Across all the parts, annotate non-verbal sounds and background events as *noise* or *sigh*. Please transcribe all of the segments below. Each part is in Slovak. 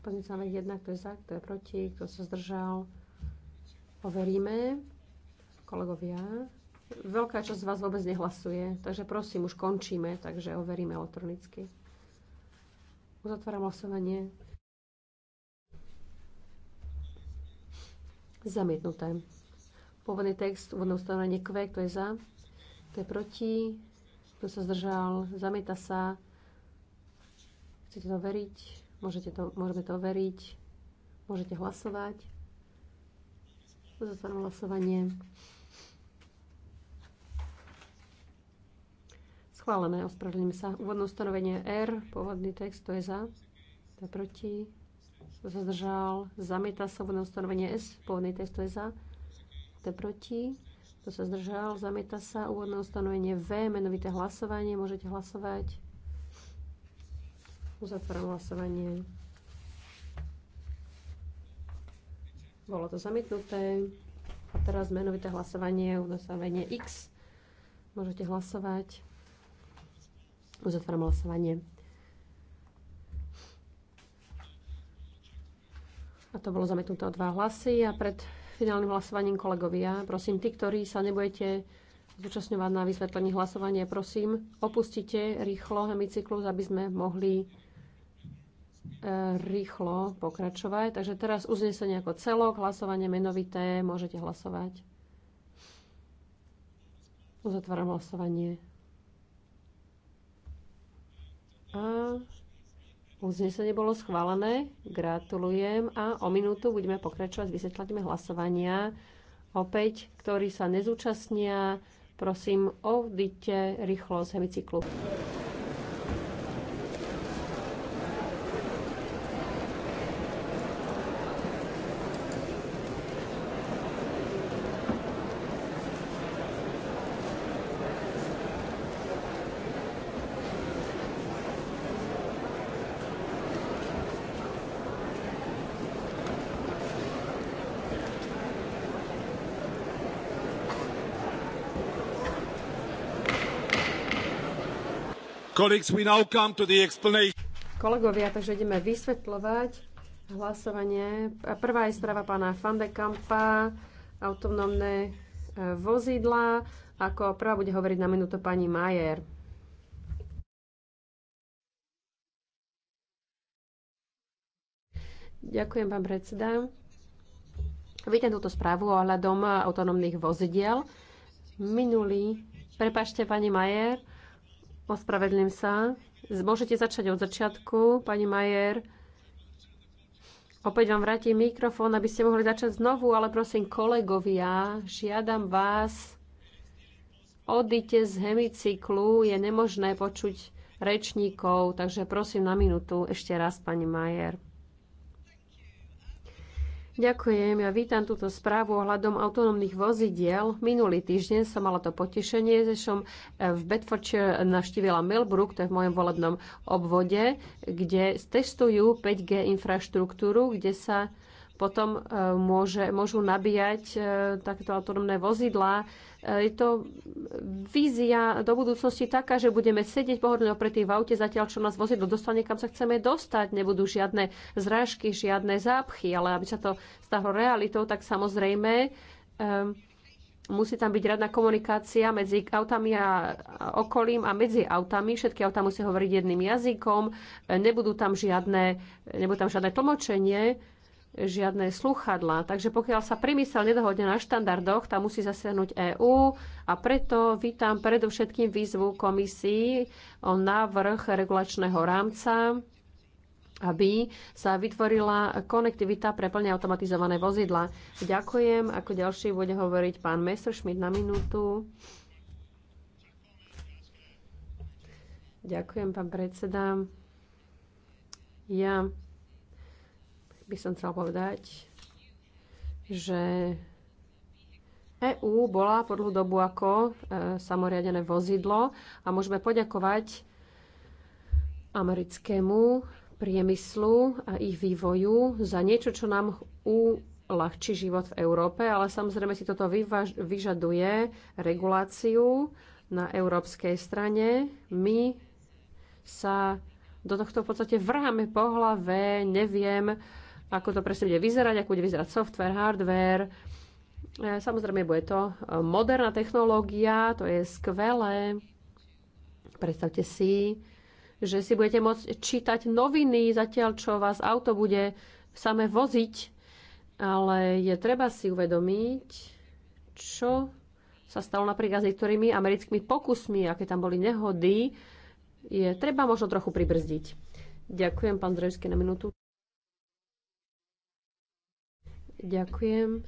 Pozrite sa návrh 1, kto je za, kto je proti, kto sa zdržal. Overíme. Kolegovia, veľká časť z vás vôbec nehlasuje, takže prosím, už končíme, takže overíme elektronicky. Uzatváram hlasovanie. Zamietnuté. Pôvodný text, úvodné ustanovenie Q, kto je za, kto je proti, kto sa zdržal, zamieta sa. Chcete to veriť? Môžete to, môžeme to overiť. Môžete hlasovať. Zatváram hlasovanie. Schválené, ospravedlňujem sa. Úvodné ustanovenie R, pôvodný text, to je za, to je proti. Kto sa zdržal, zamieta sa úvodné ustanovenie S, pôvodný text, to je za, to je proti. Kto sa zdržal, zamieta sa úvodné ustanovenie V, menovité hlasovanie, môžete hlasovať. Uzatváram hlasovanie. Bolo to zamietnuté. A teraz menovité hlasovanie, uznesenie X. Môžete hlasovať. Uzatváram hlasovanie. A to bolo zamietnuté o dva hlasy. A pred finálnym hlasovaním kolegovia, prosím, tí, ktorí sa nebudete zúčastňovať na vysvetlení hlasovania, prosím, opustite rýchlo hemicyklus, aby sme mohli rýchlo pokračovať. Takže teraz uznesenie ako celok, hlasovanie menovité, môžete hlasovať. Uzatváram hlasovanie. A uznesenie bolo schválené. Gratulujem a o minútu budeme pokračovať s hlasovania. Opäť, ktorí sa nezúčastnia, prosím, odíďte rýchlo z hemicyklu. Kolegovia, takže ideme vysvetľovať hlasovanie. Prvá je správa pána Fandekampa, autonómne e, vozidla. Ako prvá bude hovoriť na minútu pani Majer. Ďakujem, pán predseda. Vítam túto správu ohľadom autonómnych vozidiel. Minulý, prepašte pani Majer, Ospravedlím sa. Môžete začať od začiatku, pani Majer. Opäť vám vrátim mikrofón, aby ste mohli začať znovu, ale prosím kolegovia, žiadam vás, odíte z hemicyklu, je nemožné počuť rečníkov, takže prosím na minútu ešte raz, pani Majer. Ďakujem, ja vítam túto správu ohľadom autonómnych vozidiel. Minulý týždeň som mala to potešenie, že som e, v Bedfordshire navštívila Millbrook, to je v mojom volebnom obvode, kde testujú 5G infraštruktúru, kde sa potom e, môže, môžu nabíjať e, takéto autonómne vozidlá E, je to vízia do budúcnosti taká, že budeme sedieť pohodlne opretí v aute, zatiaľ čo nás vozidlo dostane, kam sa chceme dostať. Nebudú žiadne zrážky, žiadne zápchy, ale aby sa to stalo realitou, tak samozrejme e, musí tam byť radná komunikácia medzi autami a okolím a medzi autami. Všetky auta musia hovoriť jedným jazykom, e, nebudú tam žiadne, nebudú tam žiadne tlmočenie žiadne sluchadla. Takže pokiaľ sa priemysel nedohodne na štandardoch, tam musí zasiahnuť EÚ a preto vítam predovšetkým výzvu komisii o návrh regulačného rámca aby sa vytvorila konektivita pre plne automatizované vozidla. Ďakujem. Ako ďalší bude hovoriť pán Messerschmidt na minútu. Ďakujem, pán predseda. Ja by som chcel povedať, že EÚ bola po dlhú dobu ako e, samoriadené vozidlo a môžeme poďakovať americkému priemyslu a ich vývoju za niečo, čo nám uľahčí život v Európe, ale samozrejme si toto vyvaž- vyžaduje reguláciu na európskej strane. My sa do tohto v podstate vrháme po hlave, neviem, ako to presne bude vyzerať, ako bude vyzerať software, hardware. E, samozrejme, bude to e, moderná technológia, to je skvelé. Predstavte si, že si budete môcť čítať noviny, zatiaľ čo vás auto bude same voziť. Ale je treba si uvedomiť, čo sa stalo napríklad s niektorými americkými pokusmi, aké tam boli nehody. Je treba možno trochu pribrzdiť. Ďakujem, pán Zdrojevský, na minútu. Ďakujem.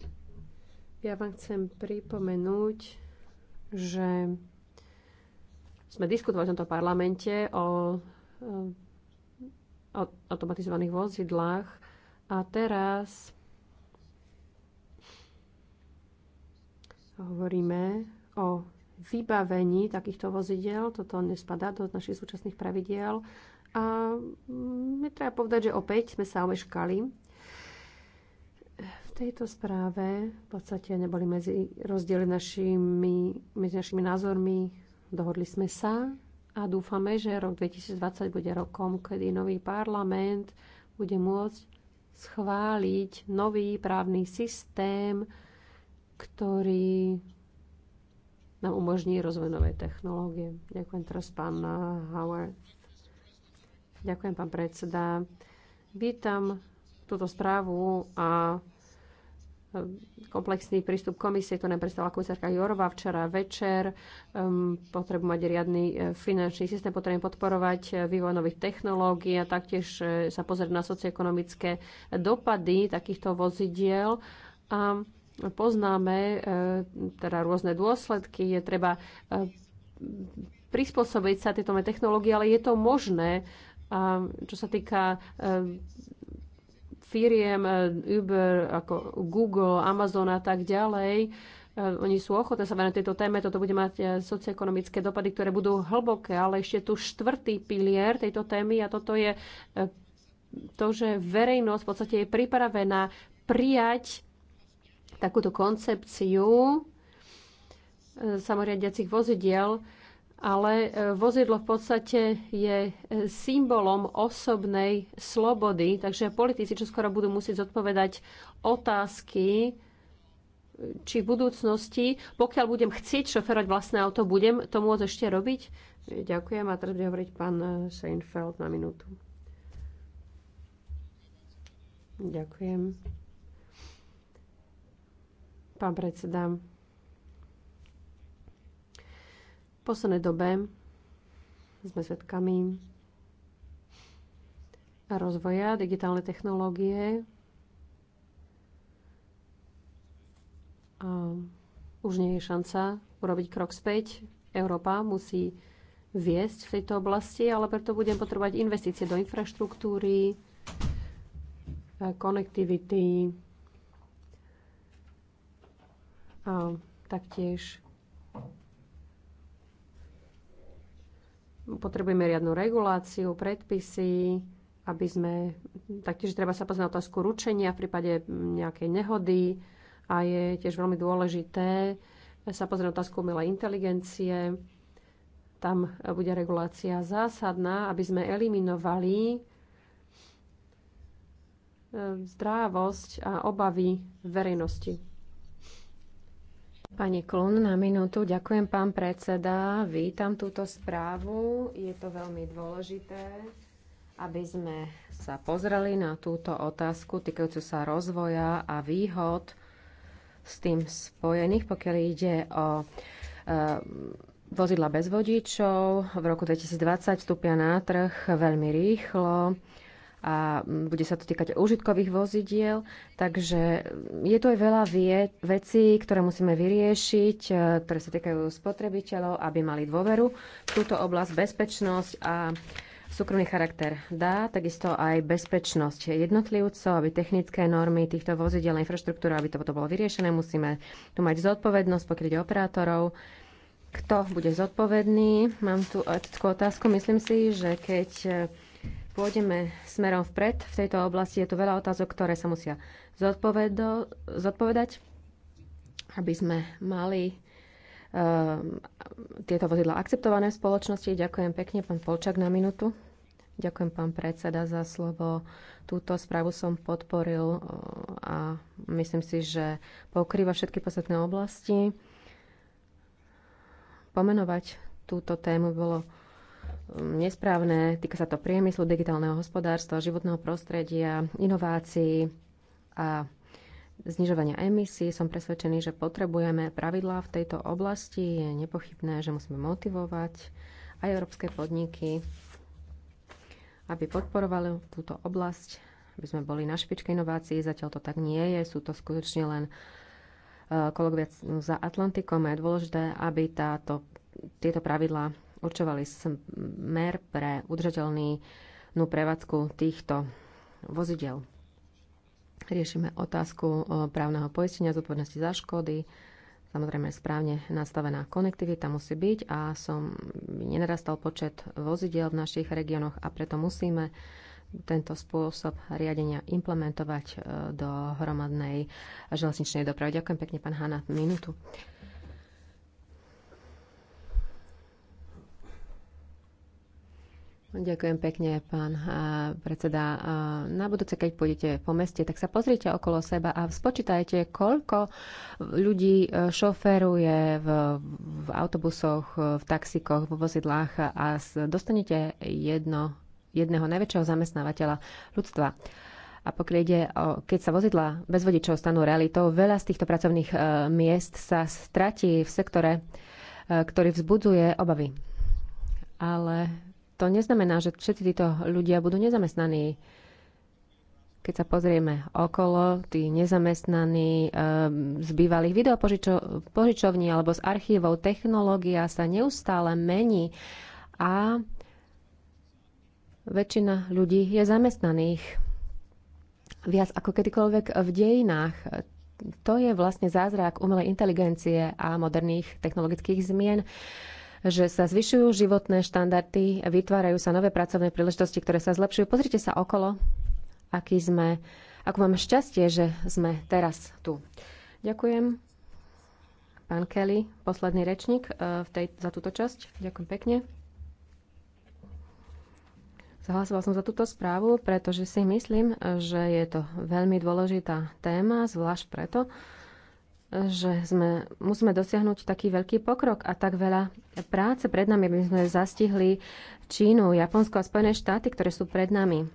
Ja vám chcem pripomenúť, že sme diskutovali v tomto parlamente o, o automatizovaných vozidlách a teraz hovoríme o vybavení takýchto vozidel. Toto nespadá do našich súčasných pravidiel. A my mm, treba povedať, že opäť sme sa omeškali tejto správe v podstate neboli medzi rozdiely našimi, medzi našimi názormi. Dohodli sme sa a dúfame, že rok 2020 bude rokom, kedy nový parlament bude môcť schváliť nový právny systém, ktorý nám umožní rozvoj nové technológie. Ďakujem teraz pán Howard. Ďakujem pán predseda. Vítam túto správu a komplexný prístup komisie, ktorý nám predstavila komisárka Jorová včera večer. Um, mať riadny e, finančný systém, potrebujú podporovať e, vývoj nových technológií a taktiež e, sa pozrieť na socioekonomické dopady takýchto vozidiel. A poznáme teda rôzne dôsledky, je treba prispôsobiť sa tieto technológie, ale je to možné. čo sa týka firiem e, Uber, ako Google, Amazon a tak ďalej, e, oni sú ochotní sa venovať tejto téme, toto bude mať e, socioekonomické dopady, ktoré budú hlboké, ale ešte tu štvrtý pilier tejto témy a toto je to, že verejnosť v podstate je pripravená prijať takúto koncepciu samoriadiacich vozidiel, ale e, vozidlo v podstate je e, symbolom osobnej slobody, takže politici čo skoro budú musieť zodpovedať otázky, e, či v budúcnosti, pokiaľ budem chcieť šoferovať vlastné auto, budem to môcť ešte robiť? Ďakujem a teraz bude hovoriť pán Seinfeld na minútu. Ďakujem. Pán predseda, V poslednej dobe sme svedkami rozvoja digitálnej technológie a už nie je šanca urobiť krok späť. Európa musí viesť v tejto oblasti, ale preto budem potrebovať investície do infraštruktúry, konektivity a taktiež potrebujeme riadnu reguláciu, predpisy, aby sme, taktiež treba sa pozrieť na otázku ručenia v prípade nejakej nehody a je tiež veľmi dôležité sa pozrieť na otázku umelej inteligencie. Tam bude regulácia zásadná, aby sme eliminovali eh, zdrávosť a obavy verejnosti. Pani Klun, na minútu. Ďakujem, pán predseda. Vítam túto správu. Je to veľmi dôležité, aby sme sa pozreli na túto otázku týkajúcu sa rozvoja a výhod s tým spojených, pokiaľ ide o e, vozidla bez vodičov. V roku 2020 vstúpia na trh veľmi rýchlo a bude sa to týkať užitkových vozidiel. Takže je tu aj veľa vie, vecí, ktoré musíme vyriešiť, e, ktoré sa týkajú spotrebiteľov, aby mali dôveru v túto oblasť, bezpečnosť a súkromný charakter dá, takisto aj bezpečnosť jednotlivcov, aby technické normy týchto vozidel a infraštruktúra, aby toto bolo vyriešené, musíme tu mať zodpovednosť, pokryť operátorov, kto bude zodpovedný. Mám tu etickú otázku. Myslím si, že keď e, pôjdeme smerom vpred. V tejto oblasti je tu veľa otázok, ktoré sa musia zodpovedať, aby sme mali uh, tieto vozidla akceptované v spoločnosti. Ďakujem pekne, pán Polčak, na minútu. Ďakujem, pán predseda, za slovo. Túto správu som podporil e, a myslím si, že pokrýva všetky podstatné oblasti. Pomenovať túto tému bolo nesprávne. Týka sa to priemyslu, digitálneho hospodárstva, životného prostredia, inovácií a znižovania emisí. Som presvedčený, že potrebujeme pravidlá v tejto oblasti. Je nepochybné, že musíme motivovať aj európske podniky, aby podporovali túto oblasť, aby sme boli na špičke inovácií. Zatiaľ to tak nie je. Sú to skutočne len eh, viac za Atlantikom. Je dôležité, aby táto, tieto pravidlá určovali smer pre udržateľnú prevádzku týchto vozidel. Riešime otázku e, právneho poistenia zodpovednosti za škody. Samozrejme, správne nastavená konektivita musí byť a som nenarastal počet vozidiel v našich regiónoch a preto musíme tento spôsob riadenia implementovať e, do hromadnej železničnej dopravy. Ďakujem pekne, pán Hanna, minútu. Ďakujem pekne, pán predseda. Na budúce, keď pôjdete po meste, tak sa pozrite okolo seba a spočítajte, koľko ľudí e, šoferuje v, v autobusoch, e, v taxikoch, vo vozidlách a dostanete jedno, jedného najväčšieho zamestnávateľa ľudstva. A pokiaľ ide o, keď sa vozidla bez vodičov stanú realitou, veľa z týchto pracovných e, miest sa stratí v sektore, ktorý vzbudzuje obavy. Ale to neznamená, že všetci títo ľudia budú nezamestnaní. Keď sa pozrieme okolo, tí nezamestnaní e, z bývalých videopožičovní alebo z archívov, technológia sa neustále mení a väčšina ľudí je zamestnaných viac ako kedykoľvek v dejinách. To je vlastne zázrak umelej inteligencie a moderných technologických zmien. E, že sa zvyšujú životné štandardy, vytvárajú sa nové pracovné príležitosti, ktoré sa zlepšujú. Pozrite sa okolo, aký sme, ako mám šťastie, že sme teraz tu. Ďakujem. Pán Kelly, posledný rečník e, v tej, za túto časť. Ďakujem pekne. Zahlasoval som za túto správu, pretože si myslím, že je to veľmi dôležitá téma, zvlášť preto, že sme, musíme dosiahnuť taký veľký pokrok a tak veľa práce pred nami, aby sme zastihli Čínu, Japonsko a Spojené štáty, ktoré sú pred nami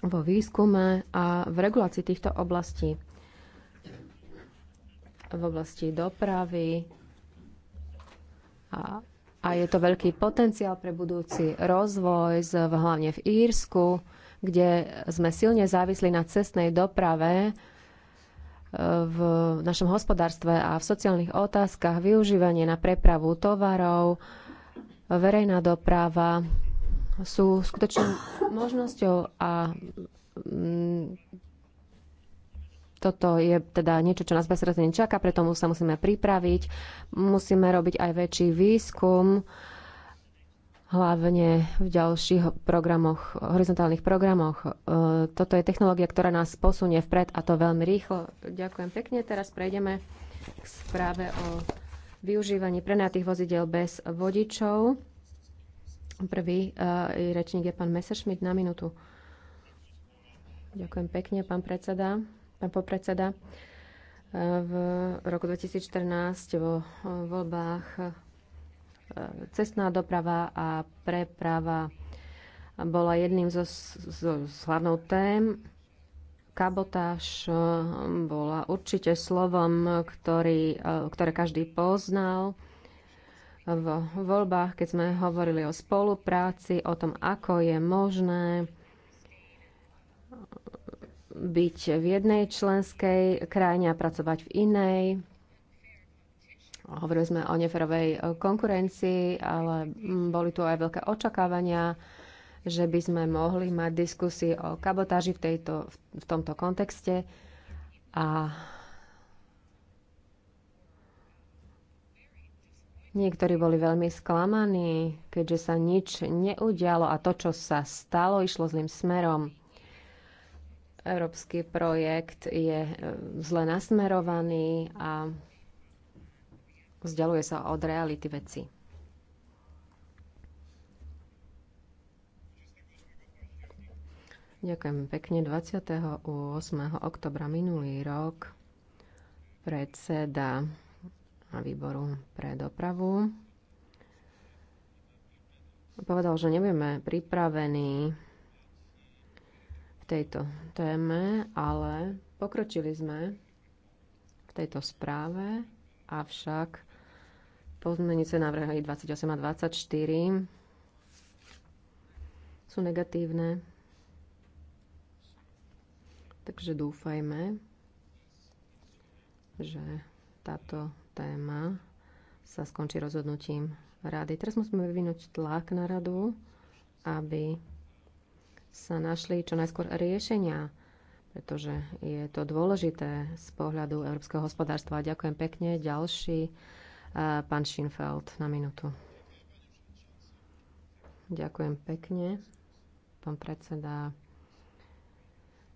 vo výskume a v regulácii týchto oblastí. V oblasti dopravy a, a je to veľký potenciál pre budúci rozvoj, z, hlavne v Írsku, kde sme silne závisli na cestnej doprave, v našom hospodárstve a v sociálnych otázkach, využívanie na prepravu tovarov, verejná doprava sú skutočnou možnosťou a mm, toto je teda niečo, čo nás bezprostredne čaká, preto sa musíme pripraviť. Musíme robiť aj väčší výskum, hlavne v ďalších programoch, horizontálnych programoch. E, toto je technológia, ktorá nás posunie vpred a to veľmi rýchlo. Ďakujem pekne. Teraz prejdeme k správe o využívaní prenajatých vozidel bez vodičov. Prvý e, rečník je pán Messerschmidt na minútu. Ďakujem pekne, pán predseda, pán popredseda. E, v roku 2014 vo voľbách cestná doprava a preprava bola jedným zo, zo, z hlavnou tém. Kabotáž eh, bola určite slovom, ktorý, eh, ktoré každý poznal v voľbách, keď sme hovorili o spolupráci, o tom, ako je možné byť v jednej členskej krajine a pracovať v inej. Hovorili sme o neferovej e, konkurencii, ale mm, boli tu aj veľké očakávania, že by sme mohli mať diskusie o kabotáži v, tejto, v tomto kontexte. A niektorí boli veľmi sklamaní, keďže sa nič neudialo a to, čo sa stalo, išlo zlým smerom európsky projekt je e, zle nasmerovaný a vzdialuje sa od reality veci. Ďakujem pekne. 28. oktobra minulý rok predseda výboru pre dopravu povedal, že nebudeme pripravení v tejto téme, ale pokročili sme v tejto správe, avšak Pozmenice návrhy 28 a 24 sú negatívne. Takže dúfajme, že táto téma sa skončí rozhodnutím rady. Teraz musíme vyvinúť tlak na radu, aby sa našli čo najskôr riešenia, pretože je to dôležité z pohľadu európskeho hospodárstva. Ďakujem pekne. Ďalší Eh, pán Schinfeld na minútu. Ďakujem pekne. Pán predseda,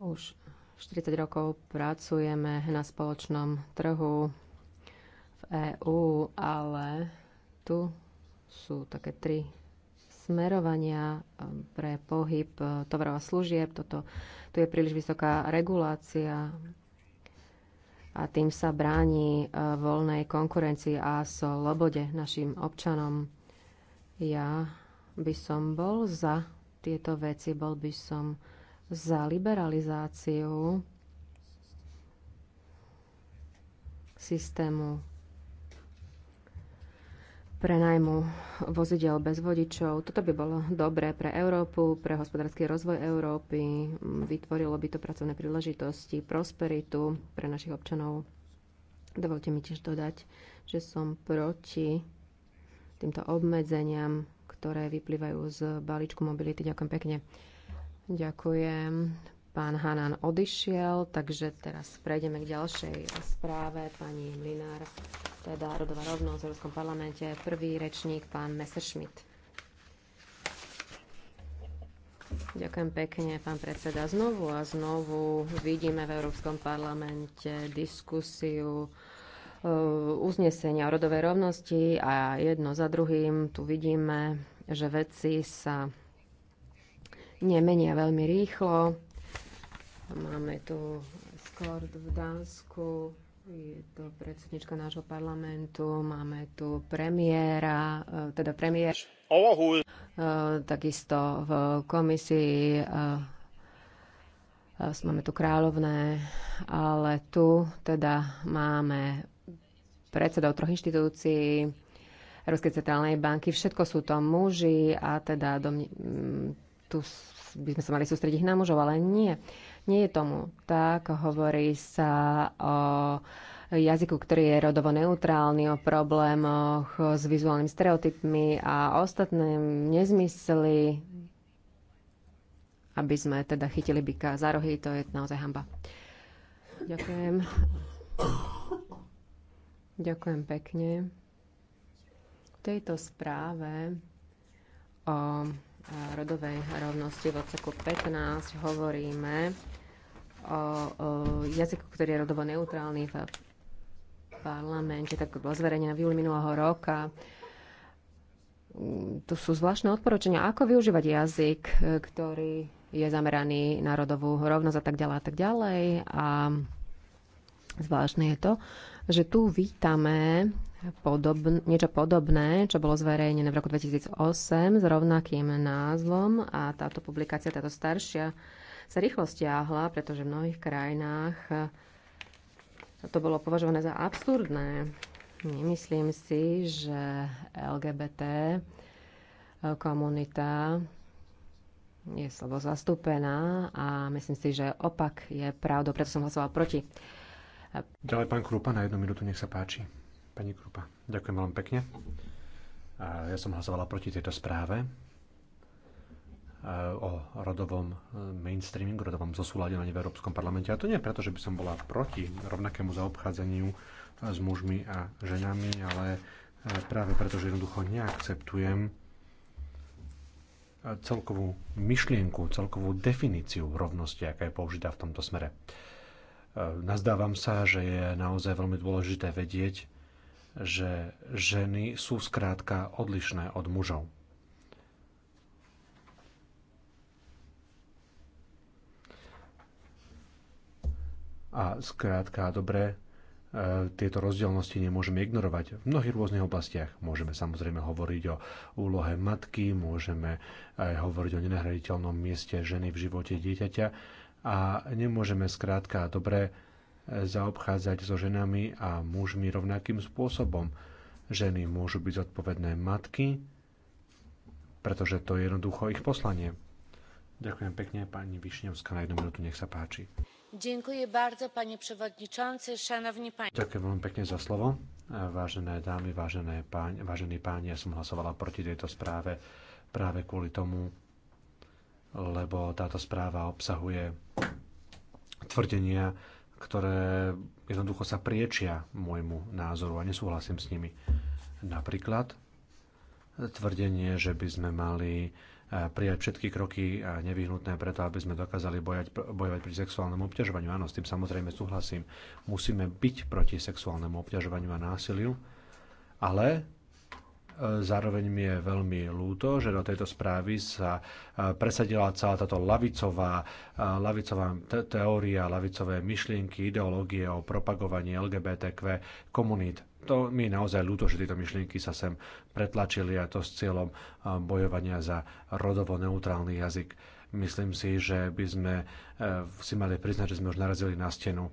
už 40 rokov pracujeme na spoločnom trhu v EÚ, ale tu sú také tri smerovania eh, pre pohyb eh, tovarov a služieb. Toto, tu je príliš vysoká regulácia, a tým sa bráni e, voľnej konkurencii a slobode našim občanom. Ja by som bol za tieto veci, bol by som za liberalizáciu systému prenajmu vozidel bez vodičov. Toto by bolo dobré pre Európu, pre hospodársky rozvoj Európy, vytvorilo by to pracovné príležitosti, prosperitu pre našich občanov. Dovolte mi tiež dodať, že som proti týmto obmedzeniam, ktoré vyplývajú z balíčku mobility. Ďakujem pekne. Ďakujem. Pán Hanan odišiel, takže teraz prejdeme k ďalšej správe. Pani Mlinár teda rodová rovnosť v Európskom parlamente. Prvý rečník, pán Messerschmidt. Ďakujem pekne, pán predseda. Znovu a znovu vidíme v Európskom parlamente diskusiu e, uznesenia o rodovej rovnosti a jedno za druhým tu vidíme, že veci sa nemenia veľmi rýchlo. Máme tu skôr v Dánsku je to predsednička nášho parlamentu, máme tu premiéra, e, teda premiér, e, takisto v komisii, e, máme tu kráľovné, ale tu teda máme predsedov troch inštitúcií, Európskej centrálnej banky, všetko sú to muži a teda do, tu by sme sa mali sústrediť na mužov, ale nie. Uh, nie je tomu tak. Hovorí sa o jazyku, ktorý je rodovo neutrálny, o problémoch s vizuálnymi stereotypmi a ostatné nezmysly, aby sme teda chytili byka za rohy, to je naozaj hamba. Ďakujem. Ďakujem pekne. V tejto správe o rodovej rovnosti v odseku 15 hovoríme o jazyku, ktorý je rodovo neutrálny v parlamente, tak bola zverejnená v júli minulého roka. Tu sú zvláštne odporúčania, ako využívať jazyk, ktorý je zameraný na rodovú rovnosť a tak ďalej a tak ďalej. A zvláštne je to, že tu vítame podobn- niečo podobné, čo bolo zverejnené v roku 2008 s rovnakým názvom a táto publikácia, táto staršia sa rýchlo stiahla, pretože v mnohých krajinách eh, to bolo považované za absurdné. Nemyslím si, že LGBT eh, komunita je slovo zastúpená a myslím si, že opak je pravdou, preto som hlasoval proti. Ďalej pán Krupa, na jednu minútu, nech sa páči. Pani Krupa, ďakujem veľmi pekne. Ja som hlasovala proti tejto správe Eh, o rodovom eh, mainstreamingu, rodovom zosúladení v Európskom parlamente. A to nie preto, že by som bola proti rovnakému zaobchádzaniu eh, s mužmi a ženami, ale práve preto, že jednoducho neakceptujem celkovú myšlienku, celkovú definíciu rovnosti, aká je použitá v tomto smere. Nazdávam sa, že je naozaj veľmi dôležité vedieť, že ženy sú skrátka odlišné od mužov A skrátka, dobre, e, tieto rozdielnosti nemôžeme ignorovať v mnohých rôznych oblastiach. Môžeme samozrejme hovoriť o úlohe matky, môžeme aj e, hovoriť o nenahraditeľnom mieste ženy v živote dieťaťa a nemôžeme skrátka dobre e, zaobchádzať so ženami a mužmi rovnakým spôsobom. Ženy môžu byť zodpovedné matky, pretože to je jednoducho ich poslanie. Ďakujem pekne, pani Višňovská, na jednu minútu, nech sa páči. Ďakujem veľmi pekne za slovo. E, vážené dámy, vážení páni, ja som hlasovala proti tejto správe práve kvôli tomu, lebo táto správa obsahuje tvrdenia, ktoré jednoducho sa priečia môjmu názoru a nesúhlasím s nimi. Napríklad tvrdenie, že by sme mali prijať všetky kroky nevyhnutné preto, aby sme dokázali bojať, bojovať pri sexuálnom obťažovaniu. Áno, s tým samozrejme súhlasím. Musíme byť proti sexuálnemu obťažovaniu a násiliu, ale Zároveň mi je veľmi ľúto, že do tejto správy sa presadila celá táto lavicová, lavicová teória, lavicové myšlienky, ideológie o propagovaní LGBTQ komunít. To mi je naozaj ľúto, že tieto myšlienky sa sem pretlačili a to s cieľom bojovania za rodovo neutrálny jazyk. Myslím si, že by sme e, si mali priznať, že sme už narazili na stenu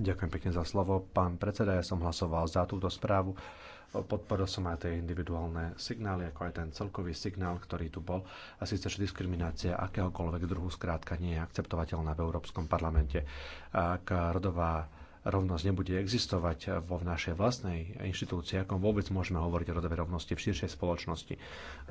Ďakujem pekne za slovo. Pán predseda, ja som hlasoval za túto správu. Podporil som aj tie individuálne signály, ako aj ten celkový signál, ktorý tu bol. A síce, že diskriminácia akéhokoľvek druhu skrátka nie je akceptovateľná v Európskom parlamente. Ak rodová rovnosť nebude existovať vo našej vlastnej inštitúcii, ako vôbec môžeme hovoriť o rodovej rovnosti v širšej spoločnosti.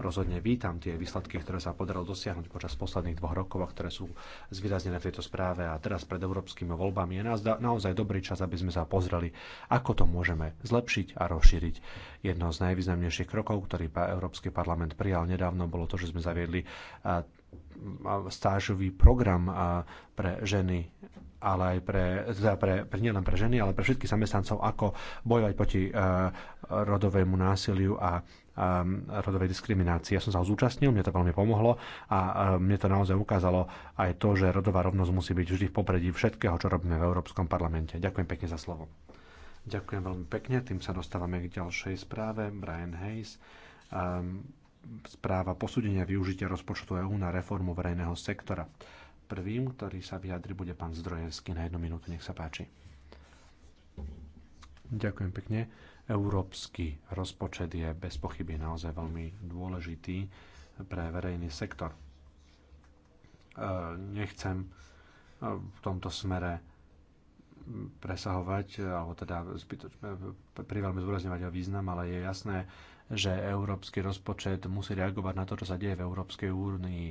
Rozhodne vítam tie výsledky, ktoré sa podarilo dosiahnuť počas posledných dvoch rokov a ktoré sú zvýraznené v tejto správe a teraz pred európskymi voľbami je nás naozaj dobrý čas, aby sme sa pozreli, ako to môžeme zlepšiť a rozšíriť. Jedno z najvýznamnejších krokov, ktorý Európsky parlament prijal nedávno, bolo to, že sme zaviedli stážový program pre ženy ale aj pre, teda pre, pre, nielen pre ženy, ale pre všetkých zamestnancov, ako bojovať proti uh, rodovému násiliu a rodovej diskriminácii. Ja som sa ho zúčastnil, mne to veľmi pomohlo a mne to naozaj ukázalo aj to, že rodová rovnosť musí byť vždy v popredí všetkého, čo robíme v Európskom parlamente. Ďakujem pekne za slovo. Ďakujem veľmi pekne, tým sa dostávame k ďalšej správe. Brian Hayes, ehm, správa posúdenia využitia rozpočtu EÚ na reformu verejného sektora. Prvým, ktorý sa vyjadri, bude pán Zdrojenský na jednu minútu. Nech sa páči. Ďakujem pekne. Európsky rozpočet je bez pochyby naozaj veľmi dôležitý pre verejný sektor. E, nechcem e, v tomto smere presahovať, alebo teda e, priveľmi zdôrazňovať jeho význam, ale je jasné, že európsky rozpočet musí reagovať na to, čo sa deje v Európskej únii.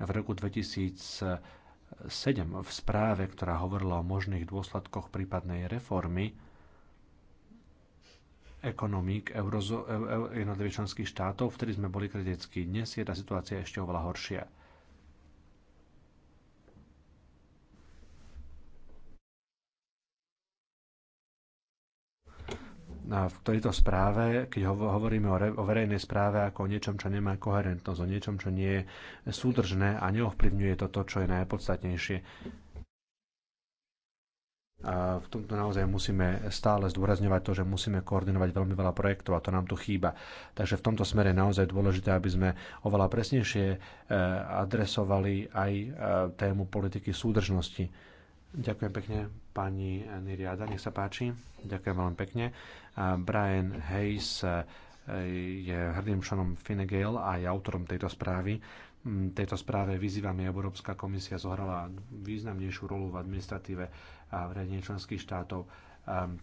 V roku 2000 7 v správe, ktorá hovorila o možných dôsledkoch prípadnej reformy ekonomík e- e- jednotlivých členských štátov, vtedy sme boli kritickí. Dnes je tá situácia ešte oveľa horšia. v tejto správe, keď hovoríme o, verejnej správe ako o niečom, čo nemá koherentnosť, o niečom, čo nie je súdržné a neovplyvňuje to to, čo je najpodstatnejšie. A v tomto naozaj musíme stále zdôrazňovať to, že musíme koordinovať veľmi veľa projektov a to nám tu chýba. Takže v tomto smere je naozaj dôležité, aby sme oveľa presnejšie e, adresovali aj e, tému politiky súdržnosti. Ďakujem pekne pani Niriada, nech sa páči. Ďakujem veľmi pekne. Brian Hayes eh, je hrdým členom Fine Gael a je autorom tejto správy mm, tejto správe vyzývame Európska komisia zohrala významnejšiu rolu v administratíve a v riadení členských štátov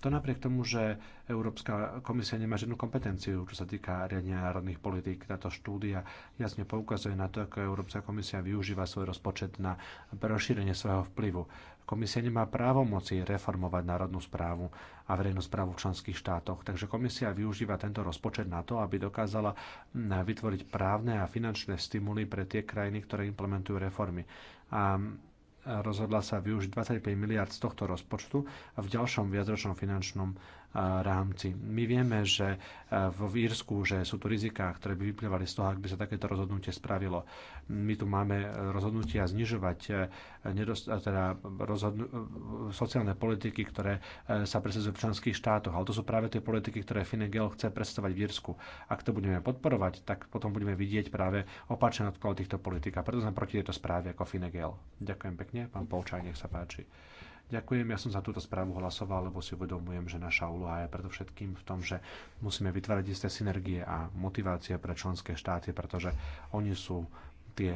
to napriek tomu, že Európska komisia nemá žiadnu kompetenciu, čo sa týka riadenia národných politík. Táto štúdia jasne poukazuje na to, ako Európska komisia využíva svoj rozpočet na rozšírenie svojho vplyvu. Komisia nemá moci reformovať národnú správu a verejnú správu v členských štátoch, takže komisia využíva tento rozpočet na to, aby dokázala vytvoriť právne a finančné stimuly pre tie krajiny, ktoré implementujú reformy. A rozhodla sa využiť 25 miliard z tohto rozpočtu v ďalšom viacročnom finančnom rámci. My vieme, že v Írsku, že sú tu riziká, ktoré by vyplývali z toho, ak by sa takéto rozhodnutie spravilo. My tu máme rozhodnutia znižovať e, teda rozhodnu, e, sociálne politiky, ktoré e, sa presadzujú v členských štátoch. Ale to sú práve tie politiky, ktoré Finegel chce predstavať v Írsku. Ak to budeme podporovať, tak potom budeme vidieť práve opačné odklad týchto politik. A preto sme proti tejto správe ako Finegel. Ďakujem pekne. Pán Polčaj, nech sa páči. Ďakujem, ja som za túto správu hlasoval, lebo si uvedomujem, že naša úloha je predovšetkým v tom, že musíme vytvárať isté synergie a motivácie pre členské štáty, pretože oni sú tie,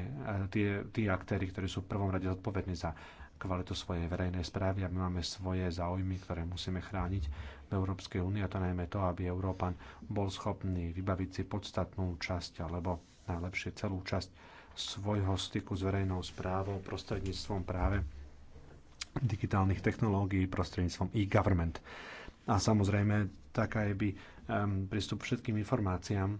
tie, tie aktéry, ktorí sú v prvom rade zodpovední za kvalitu svojej verejnej správy a my máme svoje záujmy, ktoré musíme chrániť v Európskej únii a to najmä to, aby Európan bol schopný vybaviť si podstatnú časť alebo najlepšie celú časť svojho styku s verejnou správou prostredníctvom práve digitálnych technológií prostredníctvom e-government. A samozrejme, taká je by prístup všetkým informáciám,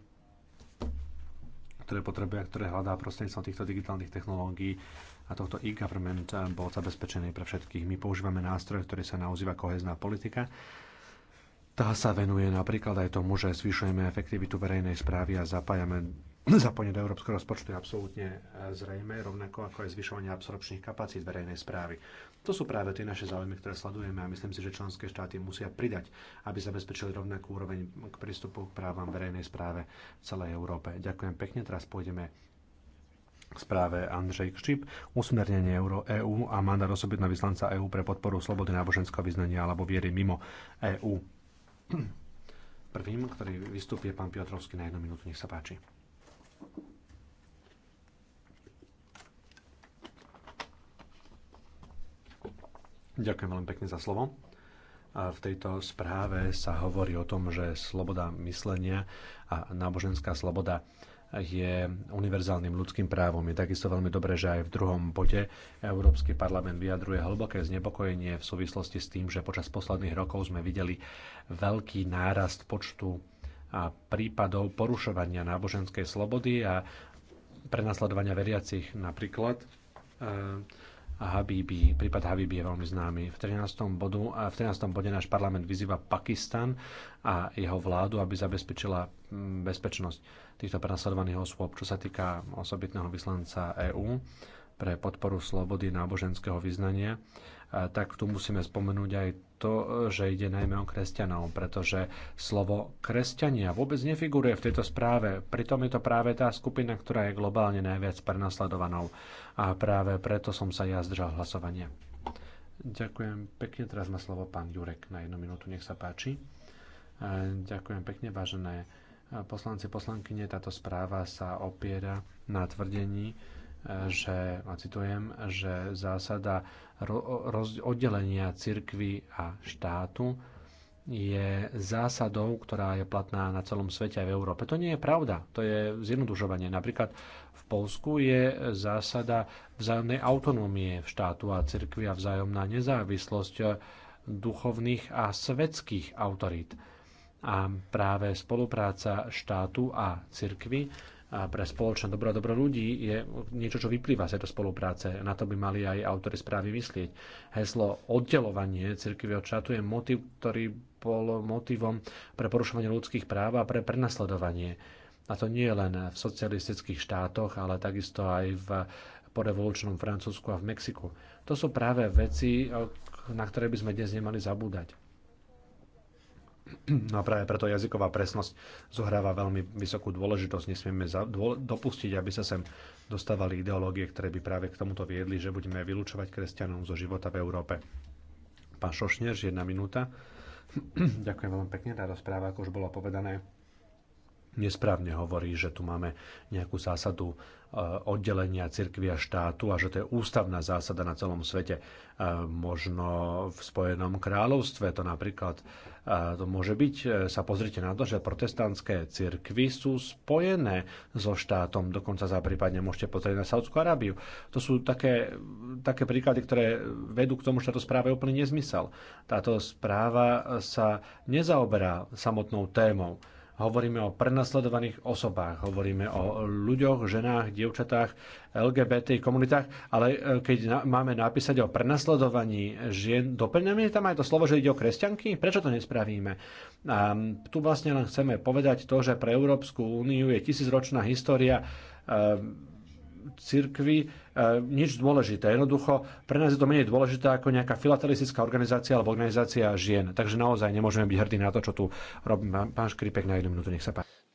ktoré potrebuje a ktoré hľadá prostredníctvom týchto digitálnych technológií a tohto e-government bol zabezpečený pre všetkých. My používame nástroj, ktorý sa nazýva kohezná politika. Tá sa venuje napríklad aj tomu, že zvyšujeme efektivitu verejnej správy a zapájame zapojenie do európskeho rozpočtu je absolútne e, zrejme, rovnako ako aj zvyšovanie absorpčných kapacít verejnej správy. To sú práve tie naše záujmy, ktoré sledujeme a myslím si, že členské štáty musia pridať, aby zabezpečili rovnakú úroveň k prístupu k právam verejnej správe v celej Európe. Ďakujem pekne, teraz pôjdeme k správe Andrej Kšip, usmernenie Euro EU a mandát osobitného vyslanca EU pre podporu slobody náboženského vyznania alebo viery mimo EÚ. Prvým, ktorý vystúpi, je pán Piotrovský na jednu minútu. Nech sa páči. Ďakujem veľmi pekne za slovo. A v tejto správe sa hovorí o tom, že sloboda myslenia a náboženská sloboda je univerzálnym ľudským právom. Je takisto veľmi dobré, že aj v druhom bode Európsky parlament vyjadruje hlboké znepokojenie v súvislosti s tým, že počas posledných rokov sme videli veľký nárast počtu prípadov porušovania náboženskej slobody a prenasledovania veriacich napríklad eh, Habibi. Prípad Habibi je veľmi známy. V 13. Bodu, v 13. bode náš parlament vyzýva Pakistan a jeho vládu, aby zabezpečila mm, bezpečnosť týchto prenasledovaných osôb, čo sa týka osobitného vyslanca EÚ pre podporu slobody náboženského vyznania, tak tu musíme spomenúť aj to, že ide najmä o kresťanov, pretože slovo kresťania vôbec nefiguruje v tejto správe. Pritom je to práve tá skupina, ktorá je globálne najviac prenasledovanou. A práve preto som sa ja zdržal hlasovania. Ďakujem pekne. Teraz má slovo pán Jurek na jednu minútu. Nech sa páči. Ďakujem pekne, vážené poslanci, poslankyne. Táto správa sa opiera na tvrdení, že, a citujem, že zásada oddelenia cirkvy a štátu je zásadou, ktorá je platná na celom svete aj v Európe. To nie je pravda, to je zjednodušovanie. Napríklad v Polsku je zásada vzájomnej autonómie štátu a cirkvi a vzájomná nezávislosť duchovných a svetských autorít. A práve spolupráca štátu a cirkvy a pre spoločné dobro a dobro ľudí je niečo, čo vyplýva z tejto spolupráce. Na to by mali aj autory správy myslieť. Heslo oddelovanie cirkvi od štátu je motiv, ktorý bol motivom pre porušovanie ľudských práv a pre prenasledovanie. A to nie len v socialistických štátoch, ale takisto aj v porevolučnom Francúzsku a v Mexiku. To sú práve veci, na ktoré by sme dnes nemali zabúdať. No a práve preto jazyková presnosť zohráva veľmi vysokú dôležitosť. Nesmieme za, dopustiť, aby sa sem dostávali ideológie, ktoré by práve k tomuto viedli, že budeme vylúčovať kresťanov zo života v Európe. Pán Šošnež, jedna minúta. *clears throat* Ďakujem veľmi pekne. Tá rozpráva, ako už bolo povedané, nesprávne hovorí, že tu máme nejakú zásadu Eh, oddelenia cirkvia a štátu a že to je ústavná zásada na celom svete. Eh, možno v Spojenom kráľovstve to napríklad eh, to môže byť. Sa pozrite na to, že protestantské cirkvy sú spojené so štátom, dokonca za prípadne môžete pozrieť na Saudskú Arábiu. To sú také, také príklady, ktoré vedú k tomu, že táto správa je úplne nezmysel. Táto správa sa nezaoberá samotnou témou Hovoríme o prenasledovaných osobách, hovoríme o ľuďoch, ženách, dievčatách, LGBT komunitách, ale e, keď máme napísať o prenasledovaní žien, doplňujeme tam aj to slovo, že ide o kresťanky? Prečo to nespravíme? A tu vlastne len chceme povedať to, že pre Európsku úniu je tisícročná história e, cirkvi e, nič dôležité. Jednoducho, pre nás je to menej dôležité ako nejaká filatelistická organizácia alebo organizácia žien. Takže naozaj nemôžeme byť hrdí na to, čo tu robíme. Pán Škripek na jednu minútu, nech sa páči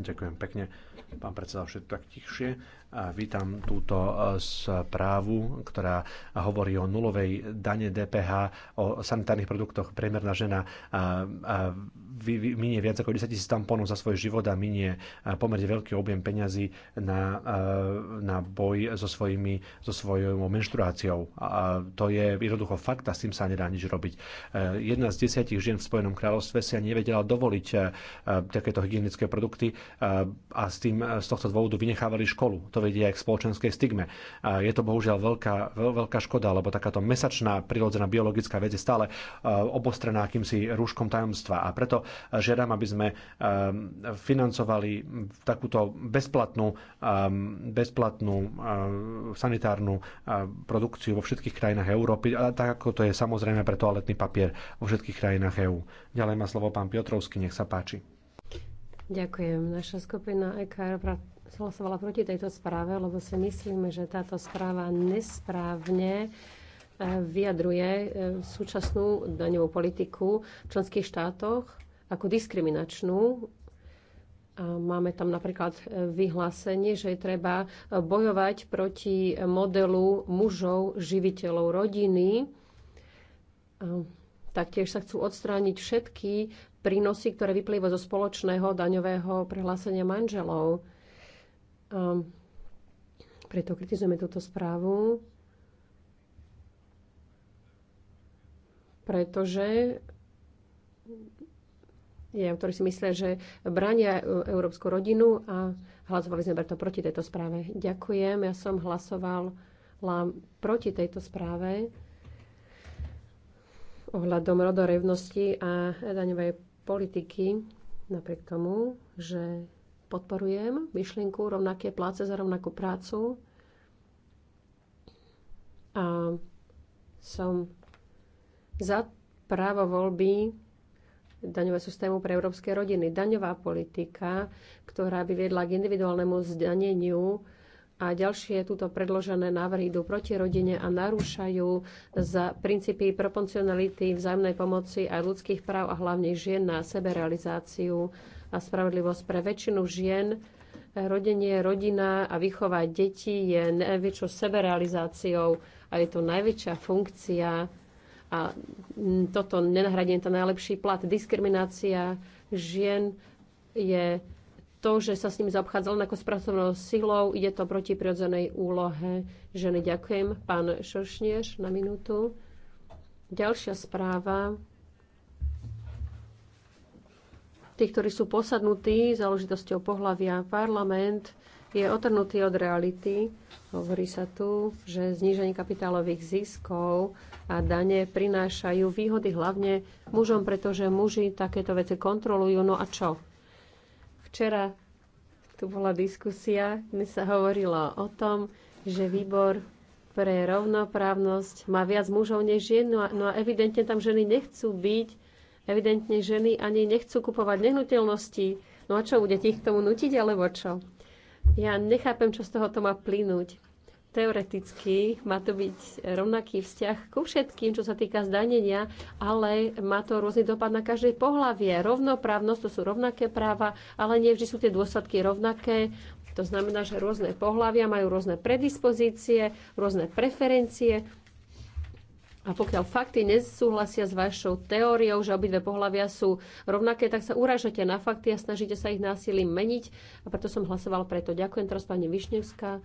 Ďakujem pekne, pán predseda, všetko tak tichšie. Vítam túto e, správu, ktorá hovorí o nulovej dane DPH o sanitárnych produktoch. Priemerná žena minie viac ako 10 tisíc tamponov za svoj život a minie pomerne veľký objem peňazí na, e, na boj so, svojimi, so svojou menštruáciou. A to je jednoducho fakt a s tým sa nedá nič robiť. E, jedna z desiatich žien v Spojenom kráľovstve sa nevedela dovoliť takéto hygienické produkty a s tým z tohto dôvodu vynechávali školu. To vedie aj k spoločenskej stigme. Je to bohužiaľ veľká, veľká škoda, lebo takáto mesačná prirodzená biologická vec je stále e, obostrená akýmsi rúškom tajomstva. A preto žiadam, aby sme e, financovali takúto bezplatnú, e, bezplatnú sanitárnu produkciu vo všetkých krajinách Európy, tak ako to je samozrejme pre toaletný papier vo všetkých krajinách EÚ. Ďalej má slovo pán Piotrovský, nech sa páči. Ďakujem. Naša skupina EKR hlasovala proti tejto správe, lebo si myslíme, že táto správa nesprávne e, vyjadruje e, súčasnú daňovú politiku v členských štátoch ako diskriminačnú. A máme tam napríklad e, vyhlásenie, že je treba bojovať proti modelu mužov, živiteľov rodiny. A taktiež sa chcú odstrániť všetky prínosy, ktoré vyplývajú zo spoločného daňového prehlásenia manželov. A ehm, preto kritizujeme túto správu, pretože je autor si myslia, že bránia e, európsku rodinu a hlasovali sme preto proti tejto správe. Ďakujem, ja som hlasovala proti tejto správe ohľadom rodorevnosti a daňovej politiky, napriek tomu, že podporujem myšlienku rovnaké pláce za rovnakú prácu. A som za právo voľby daňové systému pre európske rodiny. Daňová politika, ktorá by viedla k individuálnemu zdaneniu a ďalšie túto predložené návrhy idú proti rodine a narúšajú za princípy proporcionality, vzájomnej pomoci a ľudských práv a hlavne žien na seberealizáciu a spravodlivosť pre väčšinu žien. Rodenie, rodina a výchova detí je najväčšou seberealizáciou a je to najväčšia funkcia a mm, toto nenahradenie to najlepší plat. Diskriminácia žien je to, že sa s nimi zaobchádza len ako s pracovnou silou, ide to proti prirodzenej úlohe ženy. Ďakujem. Pán Šošnieš na minútu. Ďalšia správa tí, ktorí sú posadnutí záležitosťou pohľavia. Parlament je otrnutý od reality. Hovorí sa tu, že zníženie kapitálových ziskov a dane prinášajú výhody hlavne mužom, pretože muži takéto veci kontrolujú. No a čo? Včera tu bola diskusia, kde sa hovorilo o tom, že výbor pre rovnoprávnosť má viac mužov než žien, no a, no a evidentne tam ženy nechcú byť Evidentne ženy ani nechcú kupovať nehnuteľnosti. No a čo, budete ich k tomu nutiť, alebo čo? Ja nechápem, čo z toho to má plynúť. Teoreticky má to byť rovnaký vzťah ku všetkým, čo sa týka zdanenia, ale má to rôzny dopad na každé pohlavie. Rovnoprávnosť, to sú rovnaké práva, ale nie vždy sú tie dôsledky rovnaké. To znamená, že rôzne pohlavia majú rôzne predispozície, rôzne preferencie a pokiaľ fakty nesúhlasia s vašou teóriou, že obidve pohľavia sú rovnaké, tak sa urážate na fakty a snažíte sa ich násilím meniť. A preto som hlasoval preto. Ďakujem teraz pani Višňovská.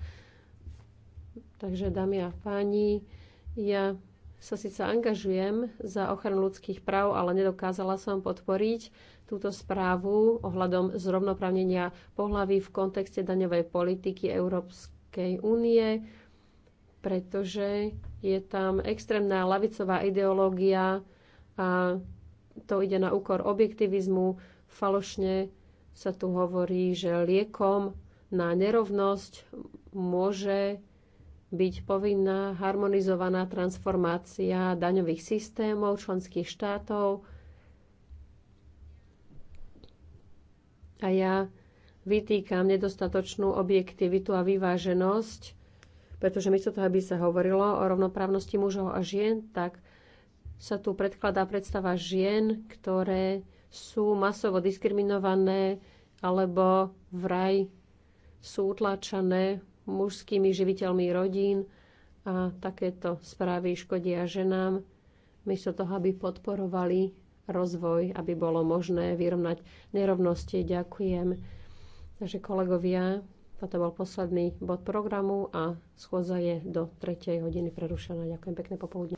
Takže dámy a páni, ja sa síce angažujem za ochranu ľudských práv, ale nedokázala som podporiť túto správu ohľadom zrovnoprávnenia pohlaví v kontexte daňovej politiky Európskej únie pretože je tam extrémna lavicová ideológia a to ide na úkor objektivizmu. Falošne sa tu hovorí, že liekom na nerovnosť môže byť povinná harmonizovaná transformácia daňových systémov členských štátov. A ja vytýkam nedostatočnú objektivitu a vyváženosť pretože miesto toho, aby sa hovorilo o rovnoprávnosti mužov a žien, tak sa tu predkladá predstava žien, ktoré sú masovo diskriminované alebo vraj sú utlačané mužskými živiteľmi rodín a takéto správy škodia ženám, miesto toho, aby podporovali rozvoj, aby bolo možné vyrovnať nerovnosti. Ďakujem. Takže kolegovia, toto bol posledný bod programu a schôdza je do 3. hodiny prerušená. Ďakujem pekne popoludne.